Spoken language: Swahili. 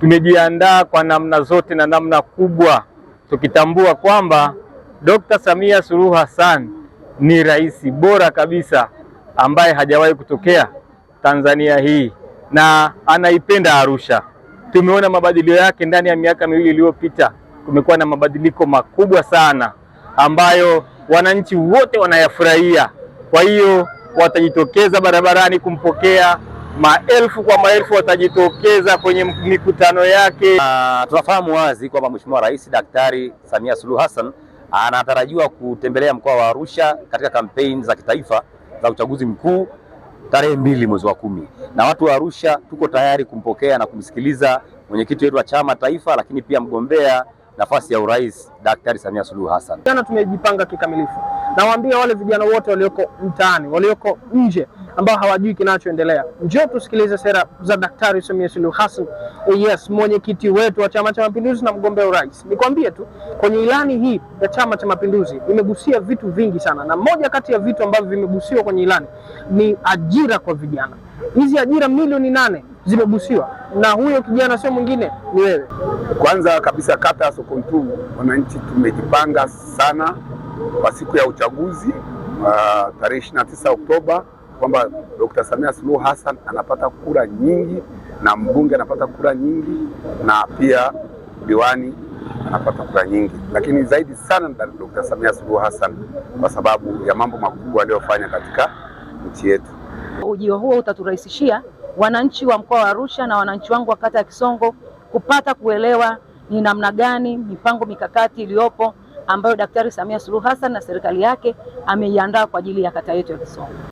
tumejiandaa kwa namna zote na namna kubwa, tukitambua kwamba Dr. Samia Suluhu Hassan ni rais bora kabisa ambaye hajawahi kutokea Tanzania hii na anaipenda Arusha. Tumeona mabadiliko yake ndani ya miaka miwili iliyopita, kumekuwa na mabadiliko makubwa sana ambayo wananchi wote wanayafurahia. Kwa hiyo watajitokeza barabarani kumpokea maelfu kwa maelfu watajitokeza kwenye mikutano yake. Uh, tunafahamu wazi kwamba Mheshimiwa Rais Daktari Samia Suluhu Hassan anatarajiwa kutembelea mkoa wa Arusha katika kampeni za kitaifa za uchaguzi mkuu tarehe mbili mwezi wa kumi, na watu wa Arusha tuko tayari kumpokea na kumsikiliza mwenyekiti wetu wa chama taifa, lakini pia mgombea nafasi ya urais Daktari Samia Suluhu Hassan. Jana tumejipanga kikamilifu, nawaambia wale vijana wote walioko mtaani, walioko nje ambao hawajui kinachoendelea. Njoo tusikilize sera za Daktari Samia Suluhu Hassan, oh, yes, mwenyekiti wetu wa Chama cha Mapinduzi na mgombea urais. Nikwambie tu kwenye ilani hii ya Chama cha Mapinduzi imegusia vitu vingi sana, na moja kati ya vitu ambavyo vimegusiwa kwenye ilani ni ajira kwa vijana. Hizi ajira milioni nane zimegusiwa na huyo kijana sio mwingine ni wewe. Kwanza kabisa, kata ya Sokonturu, wananchi tumejipanga sana kwa siku ya uchaguzi uh, tarehe 29 Oktoba kwamba Dr. Samia Suluhu Hassan anapata kura nyingi na mbunge anapata kura nyingi na pia diwani anapata kura nyingi, lakini zaidi sana Dr. Samia Suluhu Hassan kwa sababu ya mambo makubwa aliyofanya katika nchi yetu. Ujio huo utaturahisishia wananchi wa mkoa wa Arusha na wananchi wangu wa kata ya Kisongo kupata kuelewa ni namna gani mipango mikakati iliyopo ambayo Daktari Samia Suluhu Hassan na serikali yake ameiandaa kwa ajili ya kata yetu ya Kisongo.